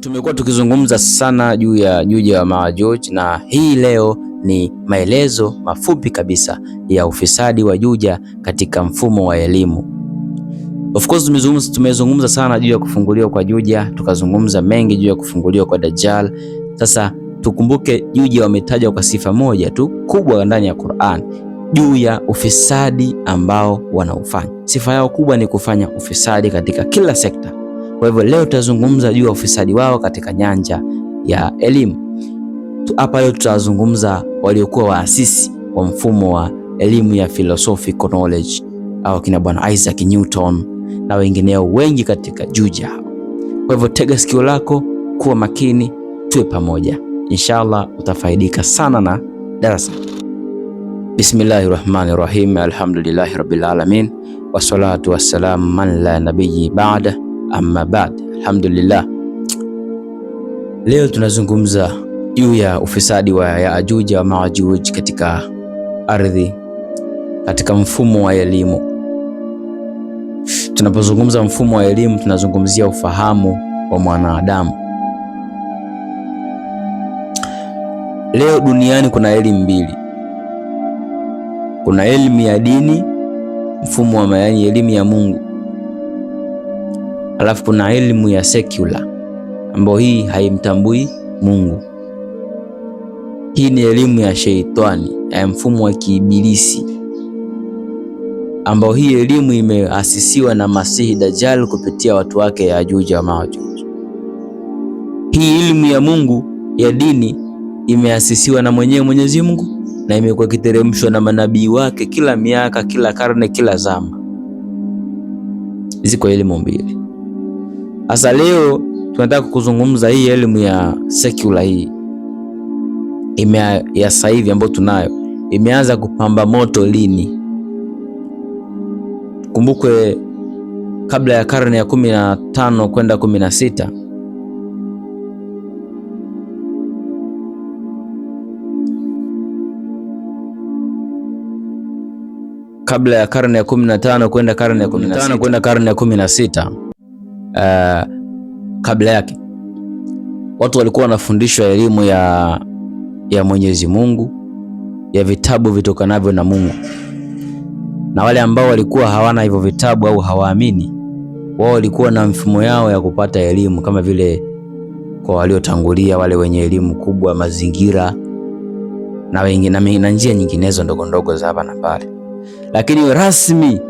tumekuwa tukizungumza sana juu ya Juja wa George, na hii leo ni maelezo mafupi kabisa ya ufisadi wa Juja katika mfumo wa elimu. Of course tumezungumza sana juu ya kufunguliwa kwa Juja, tukazungumza mengi juu ya kufunguliwa kwa Dajjal. Sasa tukumbuke Juja wametajwa kwa sifa moja tu kubwa ndani ya Qur'an juu ya ufisadi ambao wanaofanya Sifa yao kubwa ni kufanya ufisadi katika kila sekta. Kwa hivyo leo tutazungumza juu ya ufisadi wao katika nyanja ya elimu. Hapa leo tutazungumza waliokuwa waasisi wa mfumo wa elimu ya philosophical knowledge au kina bwana Isaac Newton na wengineo wengi katika juja. Kwa hivyo tega sikio lako, kuwa makini, tuwe pamoja. Inshallah utafaidika sana na darasa. Bismillahi rahmani rahim, alhamdulillahi rabbil alamin, wassalatu wassalamu man la nabiyyi ba'da Amma baad, alhamdulillah, leo tunazungumza juu ya ufisadi wa Yaajuj wa Maajuj katika ardhi, katika mfumo wa elimu. Tunapozungumza mfumo wa elimu, tunazungumzia ufahamu wa mwanadamu. Leo duniani kuna elimu mbili, kuna elimu ya dini, mfumo wa maani, elimu ya Mungu Alafu kuna elimu ya secular ambayo hii haimtambui Mungu. Hii ni elimu ya sheitani ya mfumo wa kiibilisi ambao hii elimu imeasisiwa na Masihi Dajjal kupitia watu wake Yajuj wa Majuj. Hii elimu ya Mungu ya dini imeasisiwa na mwenyewe Mwenyezi Mungu na imekuwa ikiteremshwa na manabii wake kila miaka, kila karne, kila zama. Ziko elimu mbili. Sasa leo tunataka kuzungumza hii elimu ya secular hii ime ya sasa hivi ambayo tunayo imeanza kupamba moto lini? Kumbukwe kabla ya karne ya kumi na tano kwenda kumi na sita kabla ya karne ya kumi na tano kwenda karne ya kumi na sita uh, kabla yake watu walikuwa wanafundishwa elimu ya, ya Mwenyezi Mungu ya vitabu vitokanavyo na Mungu, na wale ambao walikuwa hawana hivyo vitabu au hawaamini, wao walikuwa na mfumo yao ya kupata elimu, kama vile kwa waliotangulia wale wenye elimu kubwa, mazingira na wengi, na njia nyinginezo ndogo ndogo za hapa na pale, lakini rasmi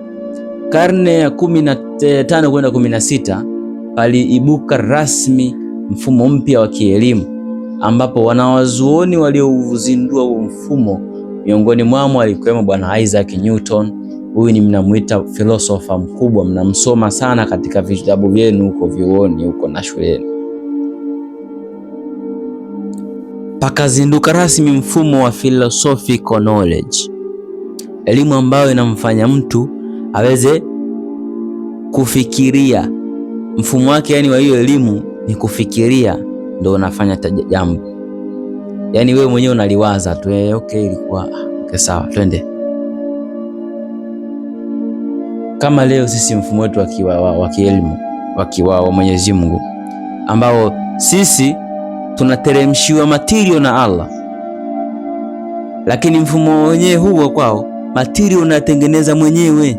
karne ya 15 eh, kwenda kumi paliibuka rasmi mfumo mpya wa kielimu, ambapo wanawazuoni waliouzindua huo mfumo, miongoni mwao alikuwemo bwana Isaac Newton. Huyu ni mnamwita filosofa mkubwa, mnamsoma sana katika vitabu vyenu huko vyuoni huko na shuleni. Pakazinduka rasmi mfumo wa philosophical knowledge, elimu ambayo inamfanya mtu aweze kufikiria mfumo wake yani wa hiyo elimu ni kufikiria, ndio unafanya jambo. Yani wewe mwenyewe unaliwaza tu, eh, okay, ilikuwa ah, okay, sawa, twende. Kama leo sisi mfumo wetu wa kielimu wakiwa wa Mwenyezi Mungu ambao sisi tunateremshiwa matirio na Allah, lakini mfumo wenyewe huo kwao matirio unatengeneza mwenyewe.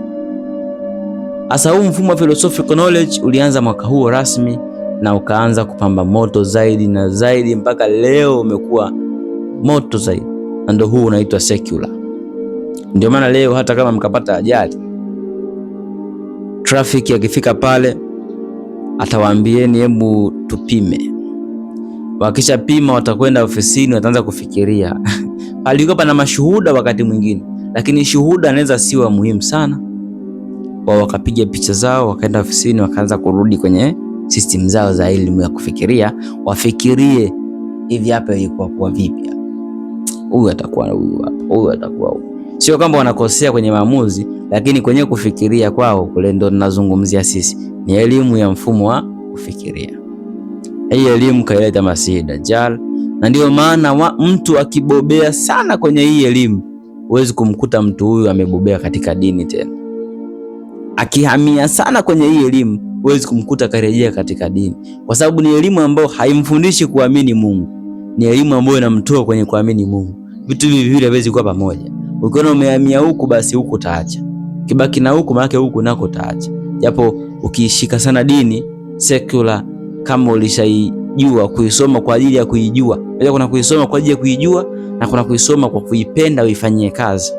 Hasa huu mfumo wa philosophical knowledge ulianza mwaka huo rasmi na ukaanza kupamba moto zaidi na zaidi mpaka leo umekuwa moto zaidi, na ndio huu unaitwa secular. Ndio maana leo hata kama mkapata ajali trafiki, akifika pale atawaambieni hebu tupime. wakisha pima watakwenda ofisini, wataanza kufikiria alikuwa pana mashuhuda wakati mwingine, lakini shuhuda anaweza siwa muhimu sana wao wakapiga picha zao, wakaenda ofisini, wakaanza kurudi kwenye system zao za elimu ya kufikiria, wafikirie hivi, hapa ilikuwa kwa vipi, huyu atakuwa huyu hapa, huyu atakuwa huyu. Sio kwamba wanakosea kwenye maamuzi, lakini kwenye kufikiria kwao kule ndo ninazungumzia sisi, ni elimu ya mfumo wa kufikiria. Hii elimu kaileta Masihi Dajjal, na ndio maana mtu akibobea sana kwenye hii elimu huwezi kumkuta mtu huyu amebobea katika dini tena akihamia sana kwenye hii elimu, huwezi kumkuta karejea katika dini, kwa sababu ni elimu ambayo haimfundishi kuamini Mungu, ni elimu ambayo inamtoa kwenye kuamini Mungu. Vitu hivi viwili haviwezi kuwa pamoja. Ukiona umehamia huku, basi huku taacha, kibaki na huku, maana huku nako taacha, japo ukiishika sana dini secular, kama ulishaijua kuisoma kwa ajili ya kuijua. Kuna kuisoma kwa ajili ya kuijua na kuna kuisoma kwa kuipenda uifanyie kazi.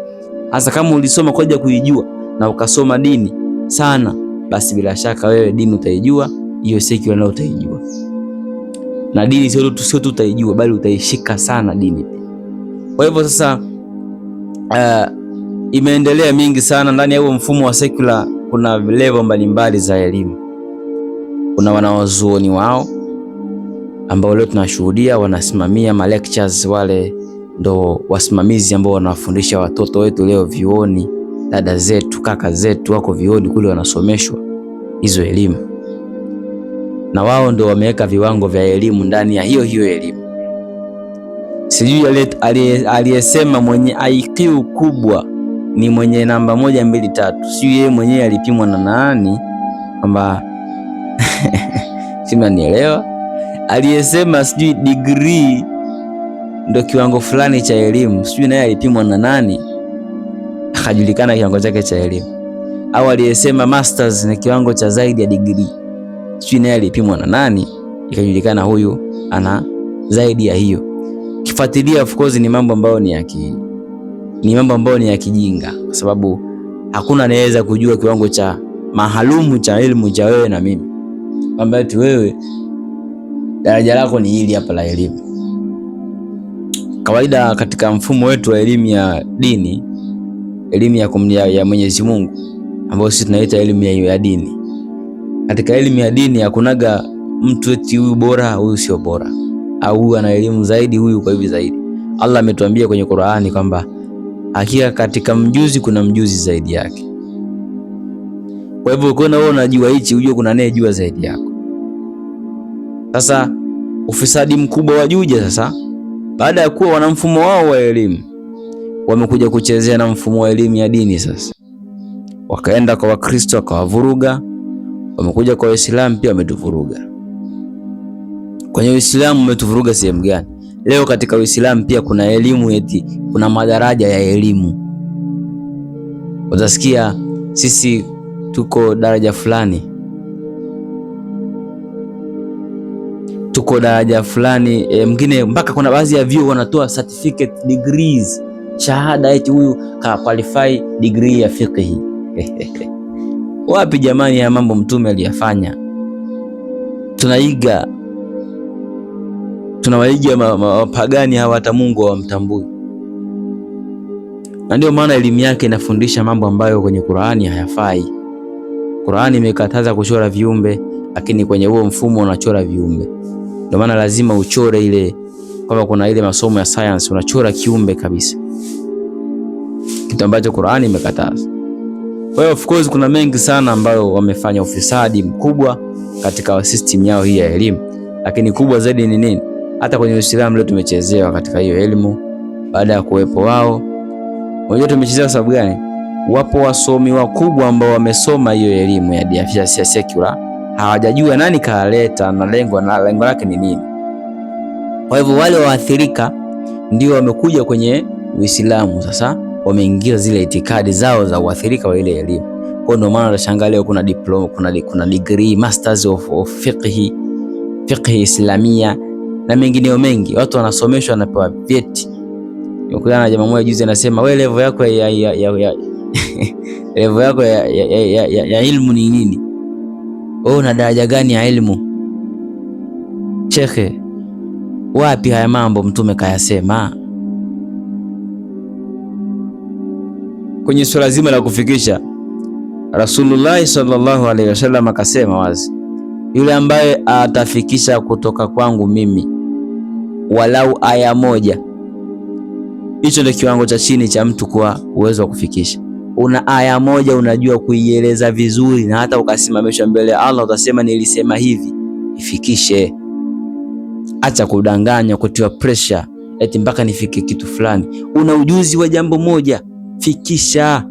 Hasa kama ulisoma kwa ajili ya kuijua na ukasoma dini sana, basi bila shaka wewe dini utaijua, hiyo seki nayo utaijua. Na dini sio tu sio tu utaijua, bali utaishika sana dini Kwa hivyo sasa, uh, imeendelea mingi sana ndani ya huo mfumo wa secular. Kuna level mbalimbali za elimu. Kuna wanawazuoni wao ambao leo tunashuhudia wanasimamia ma lectures, wale ndo wasimamizi ambao wanawafundisha watoto wetu leo vyuoni dada zetu, kaka zetu wako vioni kule wanasomeshwa hizo elimu, na wao ndio wameweka viwango vya elimu ndani ya hiyo hiyo elimu. Sijui aliyesema mwenye IQ kubwa ni mwenye namba moja mbili tatu, sijui yeye mwenyewe alipimwa na nani kwamba simanielewa. Aliyesema sijui degree ndo kiwango fulani cha elimu, sijui naye alipimwa na nani hajulikana kiwango chake cha elimu, au aliyesema masters na kiwango cha zaidi ya degree, sijui naye alipimwa na nani ikajulikana huyu ana zaidi ya hiyo. Kifuatilia of course ni mambo ambayo ni ya ki, ni mambo ambayo ni ya kijinga, kwa sababu hakuna anayeweza kujua kiwango cha mahalumu cha elimu cha wewe na mimi, kwamba eti wewe daraja lako ni hili hapa la elimu. Kawaida katika mfumo wetu wa elimu ya dini elimu ya kumnia ya Mwenyezi Mungu ambayo sisi tunaita elimu ya ya dini. Katika elimu ya dini hakunaga mtu eti huyu bora huyu sio bora au huyu ana elimu zaidi huyu kwa hivi zaidi. Allah ametuambia kwenye Qur'ani kwamba hakika katika mjuzi kuna mjuzi zaidi yake. Kwa hivyo ukiona wewe unajua hichi, ujue kuna anayejua zaidi yako. Sasa ufisadi mkubwa wa Juja sasa, baada ya kuwa wana mfumo wao wa elimu wamekuja kuchezea na mfumo wa elimu ya dini. Sasa wakaenda kwa Wakristo wakawavuruga, wamekuja kwa Waislamu pia wametuvuruga. Kwenye Uislamu umetuvuruga sehemu gani? Leo katika Uislamu pia kuna elimu eti, kuna madaraja ya elimu. Utasikia sisi tuko daraja fulani, tuko daraja fulani e, mwingine mpaka kuna baadhi ya vyuo wanatoa certificate degrees shahada eti huyu ka qualify degree ya fiqhi. Wapi jamani, ya mambo mtume aliyafanya? Tunaiga, tunawaiga ma, hawa, hata Mungu hawamtambui. Na ndio maana elimu yake inafundisha mambo ambayo kwenye Qur'ani hayafai. Qur'ani imekataza kuchora viumbe, lakini kwenye huo mfumo unachora viumbe. Ndio maana lazima uchore ile, kama kuna ile masomo ya science, unachora kiumbe kabisa kitu ambacho Qur'ani imekataza. Kwa hiyo of course kuna mengi sana ambayo wamefanya ufisadi mkubwa katika system yao hii ya elimu, lakini kubwa zaidi ni nini? Hata kwenye Uislamu leo tumechezewa katika hiyo elimu baada ya kuwepo wao. Unajua tumechezewa sababu gani? Wapo wasomi wakubwa ambao wamesoma hiyo elimu ya secular, hawajajua nani kaleta na lengo na lengo lake ni nini. Kwa hivyo wale waathirika ndio wamekuja kwenye Uislamu sasa wameingia zile itikadi zao za uathirika wa ile elimu. Kwa ndio maana utashangaa leo kuna diploma, kuna, kuna degree masters of, of fiqh fiqh islamia na mengineo mengi, watu wanasomeshwa wanapewa vyeti. Nikutana na jamaa mmoja juzi anasema wewe level yako ya, ya, ya, ya, level yako ya, ya, ya, ya, ya ilmu ni nini? Wewe una daraja gani ya ilmu? Shekhe, wapi haya mambo mtume kayasema? kwenye swala zima la kufikisha, Rasulullah sallallahu alaihi wasallam akasema wazi, yule ambaye atafikisha kutoka kwangu mimi walau aya moja, hicho ndio kiwango cha chini cha mtu kuwa uwezo wa kufikisha. Una aya moja unajua kuieleza vizuri, na hata ukasimamishwa mbele ya Allah utasema nilisema hivi, ifikishe. Acha kudanganya, kutiwa pressure eti mpaka nifike kitu fulani. Una ujuzi wa jambo moja fikisha.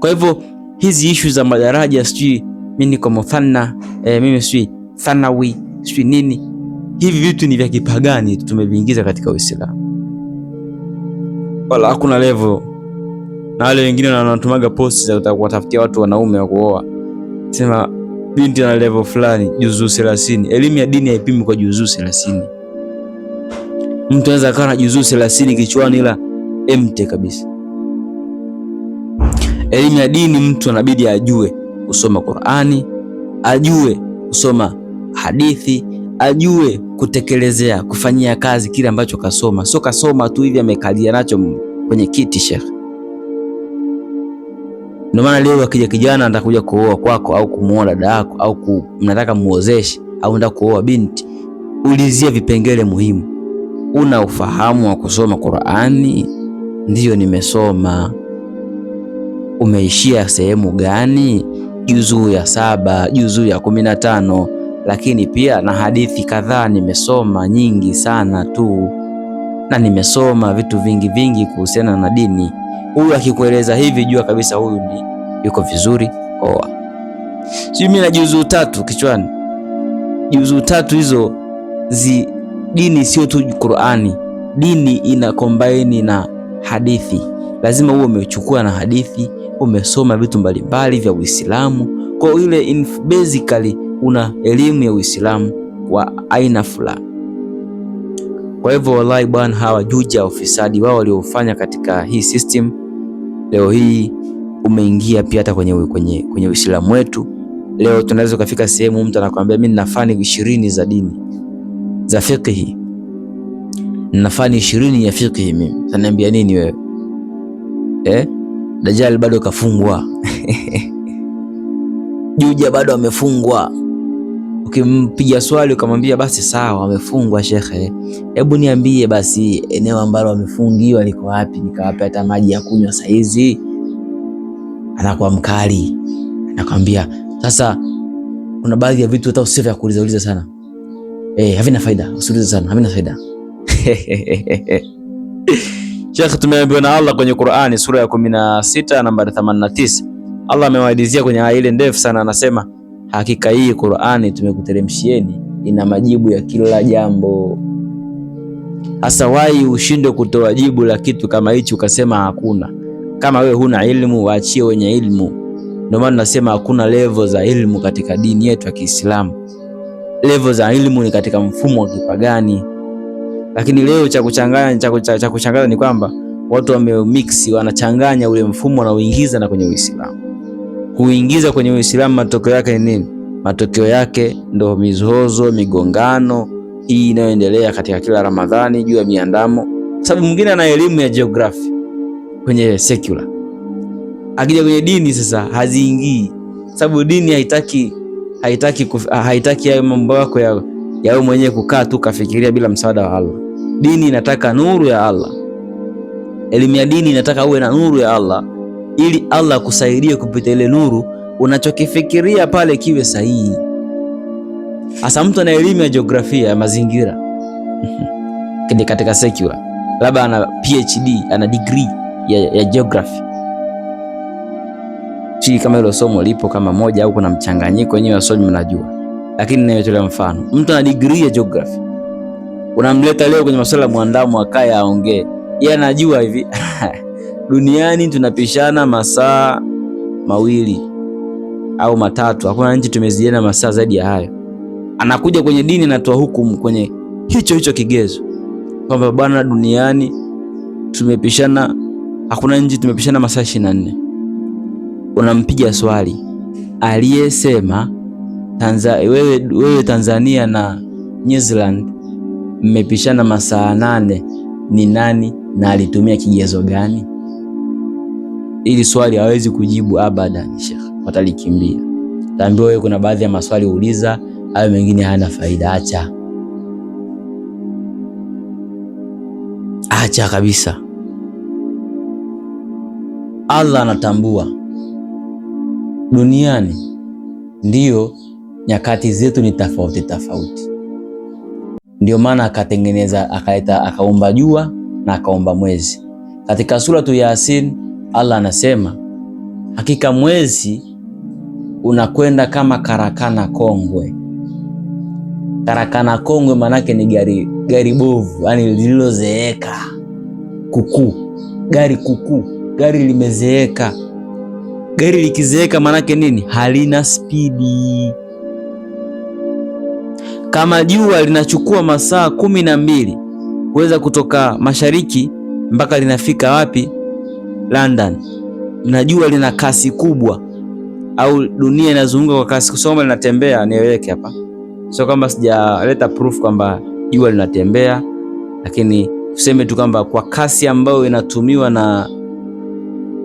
Kwa hivyo hizi ishu za madaraja, sijui mimi niko muthanna e, eh, mimi sijui thanawi sijui nini, hivi vitu ni vya kipagani, tumeviingiza katika Uislamu, wala hakuna level. Na wale wengine wanatumaga posti za kuwatafutia watu wanaume wa kuoa, sema binti ana level fulani, juzuu 30. Elimu ya dini haipimi kwa juzuu 30. Mtu anaweza akawa na juzuu 30 kichwani ila empty kabisa. Elimu ya dini, mtu anabidi ajue kusoma Qur'ani, ajue kusoma hadithi, ajue kutekelezea, kufanyia kazi kile ambacho kasoma. Sio kasoma tu hivi amekalia nacho kwenye kiti shekhe. Ndio maana leo akija kijana atakuja kuoa kwako au kumuoa dada yako au ku, mnataka muozeshe au unataka kuoa binti, ulizia vipengele muhimu. Una ufahamu wa kusoma Qur'ani? ndiyo nimesoma. Umeishia sehemu gani? Juzuu ya saba, juzuu ya kumi na tano. Lakini pia na hadithi kadhaa nimesoma nyingi sana tu, na nimesoma vitu vingi vingi kuhusiana na dini. Huyu akikueleza hivi, jua kabisa huyu ni yuko vizuri. Oa sijui mimi na juzuu tatu kichwani, juzuu tatu hizo zi dini sio tu Qur'ani, dini ina kombaini na hadithi. Lazima uwe umechukua na hadithi, umesoma vitu mbalimbali vya Uislamu, kwa ile in basically una elimu ya Uislamu wa aina fulani. Kwa hivyo, wallahi bwana, hawa juja ufisadi wao waliofanya katika hii system, leo hii umeingia pia hata kwenye kwenye kwenye Uislamu wetu. Leo tunaweza kufika sehemu mtu anakuambia mimi nina fani ishirini za dini za fiqhi na fani ishirini ya fiqhi mimi. Saniambia nini wewe eh? Dajjal bado kafungwa Juja bado amefungwa. Ukimpiga swali ukamwambia basi sawa, amefungwa shekhe, hebu niambie basi eneo ambalo amefungiwa liko wapi, nikawape hata maji ya kunywa saizi. Anakuwa mkali, anakwambia sasa, kuna baadhi ya vitu hata usivyo kuuliza uliza sana eh, havina faida, usiulize sana, havina faida. Sheikh, tumeambiwa na Allah kwenye Qur'ani sura ya 16 nambari 89. Allah amewaelezea kwenye aya ile ndefu sana, anasema hakika hii Qur'ani tumekuteremshieni ina majibu ya kila jambo. Hasa wai ushindwe kutoa jibu la kitu kama hichi ukasema hakuna. Kama wewe huna ilmu, waachie wenye ilmu. Ndio maana nasema hakuna level za ilmu katika dini yetu ya Kiislamu. Level za ilmu ni katika mfumo wa kipagani. Lakini mm. leo cha kuchanganya cha kuchanganya ni kwamba watu wamemix, wanachanganya ule mfumo wanauingiza na kwenye Uislamu. Kuingiza kwenye Uislamu matokeo yake ni nini? Matokeo yake ndo mizozo, migongano hii inayoendelea katika kila Ramadhani juu ya miandamo, sababu mwingine ana elimu ya geography kwenye secular, akija kwenye dini sasa haziingii, sababu dini haitaki haitaki haitaki hayo mambo yako ya wewe mwenyewe kukaa tu kafikiria bila msaada wa Allah. Dini inataka nuru ya Allah, elimu ya dini inataka uwe na nuru ya Allah ili Allah akusaidie kupita ile nuru, unachokifikiria pale kiwe sahihi. Hasa mtu ana elimu ya jiografia ya mazingira katika secular, labda ana PhD, ana degree ya, ya geography chi kama hilo somo lipo kama moja au kuna mchanganyiko wenyewe wasomi, mnajua, lakini ninayotoa mfano, mtu ana degree ya geography Unamleta leo kwenye masuala ya mwandamo, akae aongee, yeye anajua hivi duniani tunapishana masaa mawili au matatu, hakuna nchi tumezidiana masaa zaidi ya hayo. Anakuja kwenye dini, anatoa hukumu kwenye hicho hicho kigezo kwamba bwana, duniani tumepishana, hakuna nchi tumepishana masaa 24. Unampiga swali aliyesema Tanzania, wewe, wewe Tanzania na New Zealand mmepishana masaa nane, ni nani na alitumia kigezo gani? Ili swali hawezi kujibu abadan, Sheikh, watalikimbia. Taambiwa wewe, kuna baadhi ya maswali uuliza, hayo mengine hayana faida. Acha acha kabisa. Allah anatambua duniani, ndiyo nyakati zetu ni tofauti tofauti ndio maana akatengeneza akaleta akaumba jua na akaumba mwezi. Katika suratu Yasin Allah anasema hakika mwezi unakwenda kama karakana kongwe. Karakana kongwe maanake ni gari gari bovu, yani lililozeeka, kuku gari kuku, gari limezeeka. Gari likizeeka maanake nini? Halina spidi. Kama jua linachukua masaa kumi na mbili kuweza kutoka mashariki mpaka linafika wapi? London. Na jua lina kasi kubwa, au dunia inazunguka kwa kasi kusoma linatembea. Niweke hapa, sio kwamba sijaleta proof kwamba jua linatembea, lakini tuseme tu kwamba kwa kasi ambayo inatumiwa na,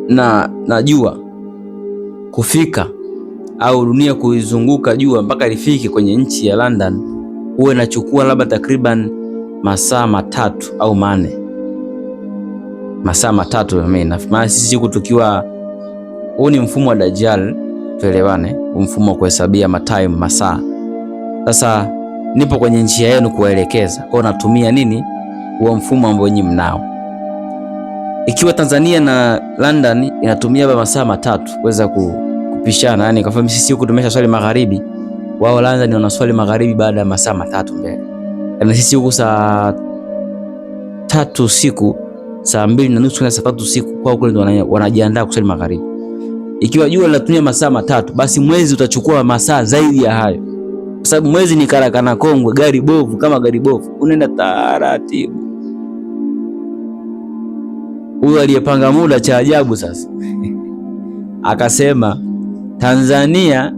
na, na jua kufika au dunia kuizunguka jua mpaka lifike kwenye nchi ya London huwa inachukua labda takriban masaa matatu au manne, masaa matatu. Maana sisi huku tukiwa, huu ni mfumo wa Dajjal, tuelewane, mfumo wa kuhesabia matime masaa. Sasa nipo kwenye njia yenu kuwaelekeza kwao, natumia nini huo mfumo ambao nyinyi mnao. Ikiwa Tanzania na London inatumia masaa matatu kuweza kupishana, yani kwa sababu sisi huku tumesha swali magharibi wao Lanza ni wanaswali magharibi baada ya masaa matatu mbele, na yaani sisi huku saa tatu usiku, saa mbili na nusu na saa tatu usiku, kwao kule wanajiandaa kuswali magharibi. Ikiwa jua linatumia masaa matatu, basi mwezi utachukua masaa zaidi ya hayo, kwa sababu mwezi ni karakana kongwe, gari bovu. Kama gari bovu unaenda taratibu. Huyo aliyepanga muda, cha ajabu sasa akasema Tanzania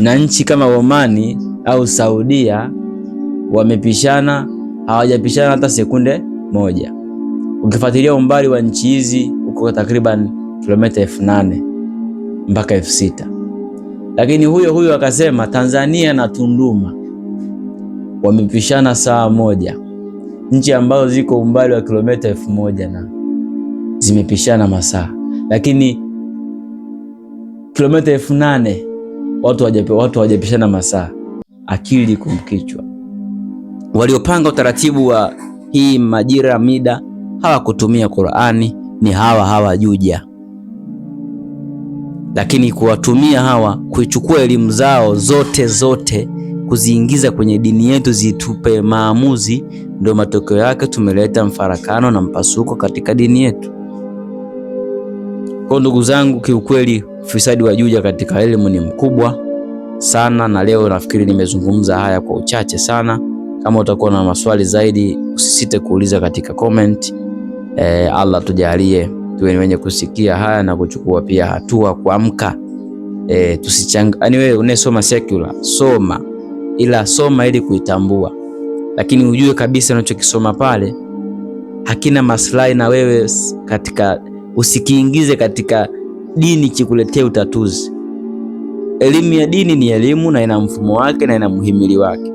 na nchi kama Omani au Saudia wamepishana, hawajapishana hata sekunde moja. Ukifuatilia umbali wa nchi hizi uko takriban kilomita elfu nane mpaka elfu sita lakini huyo huyo akasema Tanzania na Tunduma wamepishana saa moja, nchi ambazo ziko umbali wa kilomita elfu moja na zimepishana masaa, lakini kilomita elfu nane watu watu hawajapishana masaa, akili kumkichwa. Waliopanga utaratibu wa hii majira mida hawakutumia Qur'ani, ni hawa hawa Juja. Lakini kuwatumia hawa kuichukua elimu zao zote zote kuziingiza kwenye dini yetu zitupe maamuzi, ndio matokeo yake tumeleta mfarakano na mpasuko katika dini yetu. Kwa ndugu zangu, kiukweli ufisadi wa Juja katika elimu ni mkubwa sana, na leo nafikiri nimezungumza haya kwa uchache sana. Kama utakuwa na maswali zaidi, usisite kuuliza katika comment. E, Allah tujalie tuwe ni wenye kusikia haya na kuchukua pia hatua kuamka. E, tusichanga anyway, yaani unayesoma secular soma, ila soma ili kuitambua, lakini ujue kabisa unachokisoma pale hakina maslahi na wewe katika usikiingize katika dini kikuletee utatuzi. Elimu ya dini ni elimu na ina mfumo wake na ina muhimili wake.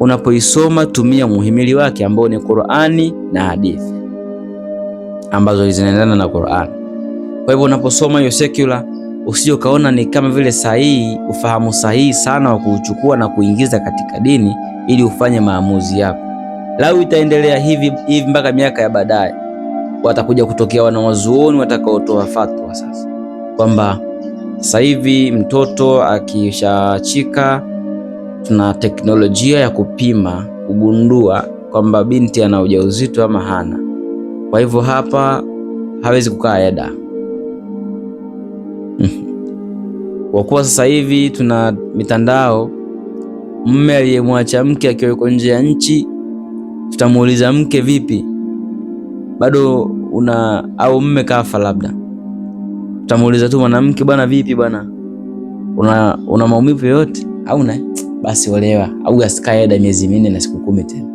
Unapoisoma tumia muhimili wake ambao ni Qur'ani na hadithi ambazo zinaendana na Qur'ani. Kwa hivyo unaposoma hiyo secular usije ukaona ni kama vile sahihi, ufahamu sahihi sana wa kuuchukua na kuingiza katika dini ili ufanye maamuzi yako. Lau itaendelea hivi hivi mpaka miaka ya baadaye watakuja kutokea wanawazuoni watakaotoa fatwa sasa kwamba sasa hivi mtoto akishachika tuna teknolojia ya kupima kugundua kwamba binti ana ujauzito ama hana. Kwa hivyo hapa hawezi kukaa yada kwa kuwa sasa hivi tuna mitandao. Mme aliyemwacha mke akiwa yuko nje ya nchi, tutamuuliza mke, vipi bado una au mme kafa, labda utamuuliza tu mwanamke, bwana vipi bwana, una, una maumivu yoyote au na basi olewa au asikae ada miezi minne na siku kumi tena.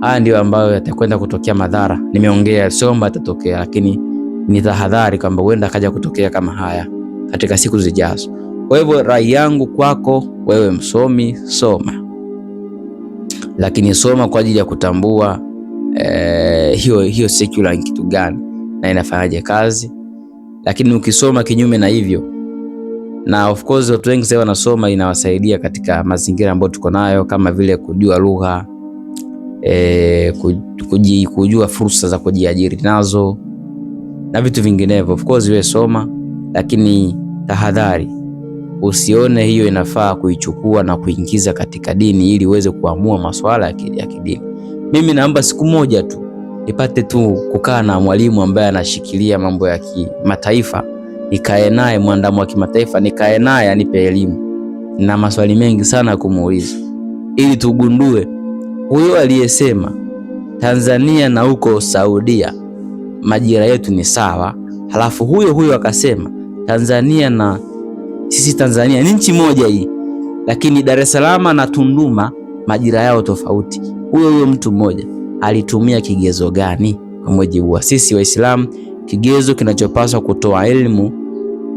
Haya ndio ambayo yatakwenda kutokea madhara. Nimeongea sio kwamba yatatokea, lakini ni tahadhari kwamba huenda akaja kutokea kama haya katika siku zijazo. Kwa hivyo rai yangu kwako wewe msomi, soma lakini soma kwa ajili ya kutambua eh, hiyo, hiyo secular ni kitu gani na inafanyaje kazi. Lakini ukisoma kinyume na hivyo, na of course watu wengi sasa wanasoma, inawasaidia katika mazingira ambayo tuko nayo kama vile kujua lugha eh, kuji, kujua fursa za kujiajiri nazo na vitu vinginevyo. Of course wewe soma, lakini tahadhari usione hiyo inafaa kuichukua na kuingiza katika dini ili uweze kuamua masuala ya kidini. Mimi naomba siku moja tu nipate tu kukaa na mwalimu ambaye anashikilia mambo ya kimataifa, nikae naye mwandamo wa kimataifa, nikae naye anipe elimu na maswali mengi sana kumuuliza, ili tugundue huyo aliyesema Tanzania na huko Saudia majira yetu ni sawa, halafu huyo huyo akasema Tanzania na sisi Tanzania ni nchi moja hii, lakini Dar es Salaam na Tunduma majira yao tofauti huyo huyo mtu mmoja alitumia kigezo gani? Kwa mujibu wa sisi Waislamu, kigezo kinachopaswa kutoa elimu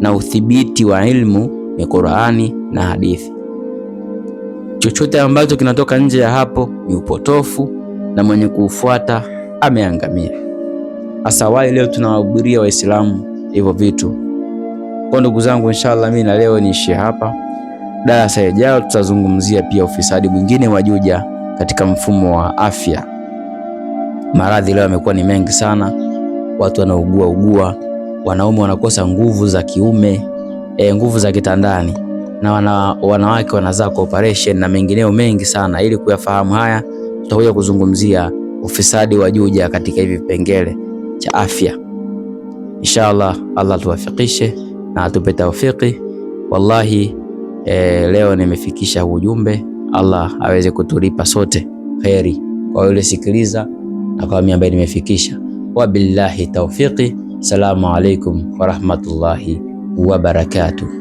na udhibiti wa elimu ni Qur'ani na hadithi. Chochote ambacho kinatoka nje ya hapo ni upotofu na mwenye kuufuata ameangamia. hasa wale leo tunawahubiria Waislamu hivyo vitu. Kwa ndugu zangu, inshallah mimi na leo niishie hapa. Darasa ijayo tutazungumzia pia ufisadi mwingine wa Juja katika mfumo wa afya. Maradhi leo yamekuwa ni mengi sana, watu wanaugua ugua, wanaume wanakosa nguvu za kiume e, nguvu za kitandani na wana, wanawake wanazaa kwa operation na mengineo mengi sana. Ili kuyafahamu haya, tutakuja kuzungumzia ufisadi wa Juja katika hivi vipengele cha afya. Inshallah, Allah tuwafikishe na atupe taufiki. Wallahi e, leo nimefikisha huu ujumbe Allah aweze kutulipa sote kheri kwa yule sikiliza na kwa mimi ambaye nimefikisha. Wabillahi tawfiqi. Salamu alaikum warahmatullahi wabarakatuh.